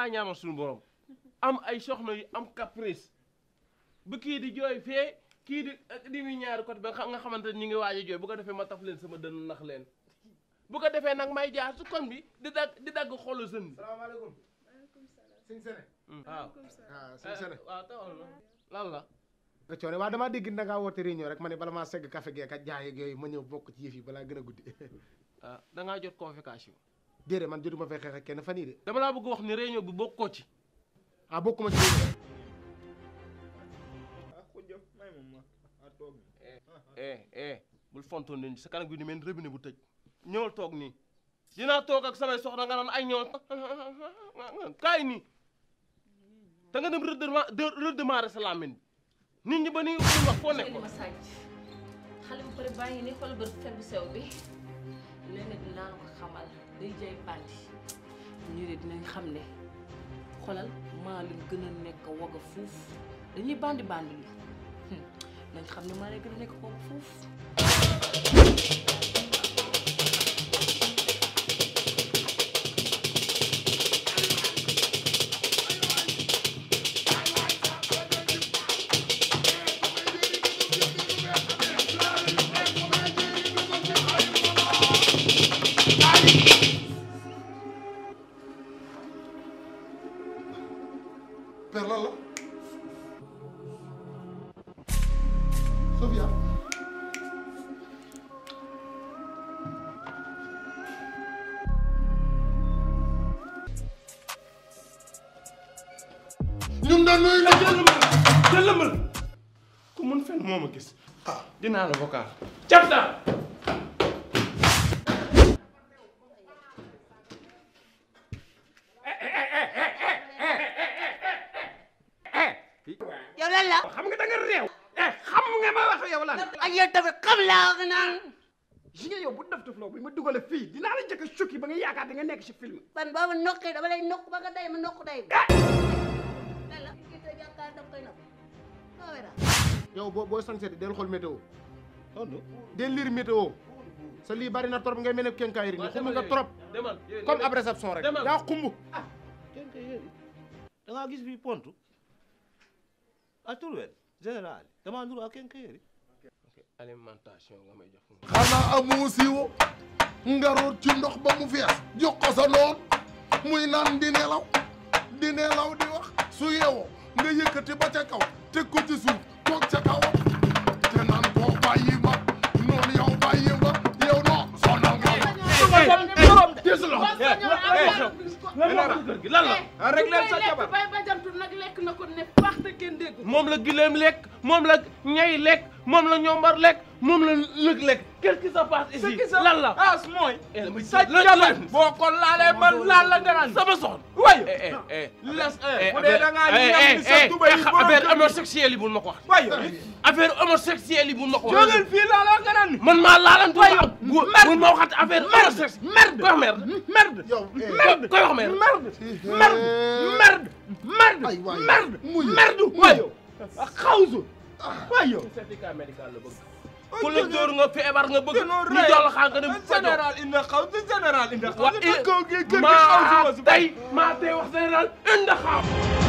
masaa ñaama suñu borom am ay soxna yu am caprice bu kii di jooy fee kii di di muy ñaari côté ba nga xamante ni ñu ngi waaj a jooy bu ko defee ma taf leen sama dënn nax leen bu ko defee nag may jaar su kon bi di dagg di dagg xolu sën bi. salaamaaleykum. maaleykum salaam. sëñ Sene. Hmm. Ah. Ah, eh, waaw waaw sëñ Sene. waaw tawal la lan la. nga coone waaw damaa dégg da ngaa rek ma ne bala maa segg café geek ak jaay yooyu ma ñëw bokk ci yëf yi balaa gën a guddi. ah da ngaa jot convocation. déedéet man jotuma ma xeex ak kenn fan yii de. dama laa bëgg wax ni réunion bi bokkoo ci. bokk ah, bokkuma ci. Ah, ah, eh, eh eh bul fontoon nañu sa kanam gi ni mel robinet bu tëj. ñëwal toog nii. dinaa toog ak samay soxna nga naan ay ñoom kaay nii te dem redémarrer sa làmmiñ nit ñi ba ni wax foo bi. lenn dinaa ko xamal day jaay pàtti ñu ne dinañ xam ne xolal maa leen gën a nekk wog a dañuy bandi bandi lu nañ xam ne maa leen gën a nekk wog a père lan la Sofia ñun daan nooy la jël jël lëmbal ku mën fenn moo ma gis ah dinaa la vocal capta lan ak yow laa wax naan gis nga yow bu def def loo bu ma dugale fii dinaa la jëkk a sukki ba nga yaakaar nekk si film ban booba nokki dama lay nokk ba nga day ma nokk day eh! la gita yow boo boo sansee del xool météo oh, del lire météo sa lii bari na trop ngay mel ne kenkaayri ni xumb nga trop comme ab ah. gis bi pontu a turwel général dama nuru ak kenkaayri alimentation nga may jox. xanaa amoo nga root ci ndox ba mu fees jox ko sa noon muy naan di nelaw di nelaw di wax su yeewoo nga yëkkati ba ca kaw teg ko ci suuf toog ca kaw te naan koo bàyyi ma noonu yow bàyyi ma yow non sonal nga lan la rek sa jabar bay bajantu na ko ne baax te kenn dégg moom la gileem lekk moom la ñay lekk moom la ñoombar lekk moom la lëg lekk qu'est-ce qui se passe ici lan la as mooy eh, sa jabar boo ko laalee man laal la nga naan sama soxna wayu eh, eh, les bu dee da ngaa ñam sa tubay yi affaire homosexuel yi bul ma ko wax wayu affaire homosexuel yi bul ma ko wax jógal fii laaloo nga naan man maa laalan tu wayu bul ma waxat affaire homosexuel merde koy wax merde merde merde koy wax merde merde merde merde merde merde wayu xawsu waay yow certificat ku la dóor nga feebar nga bëgg. ñu jox la xam nga dem général inda xaw si maa tey maa tey wax général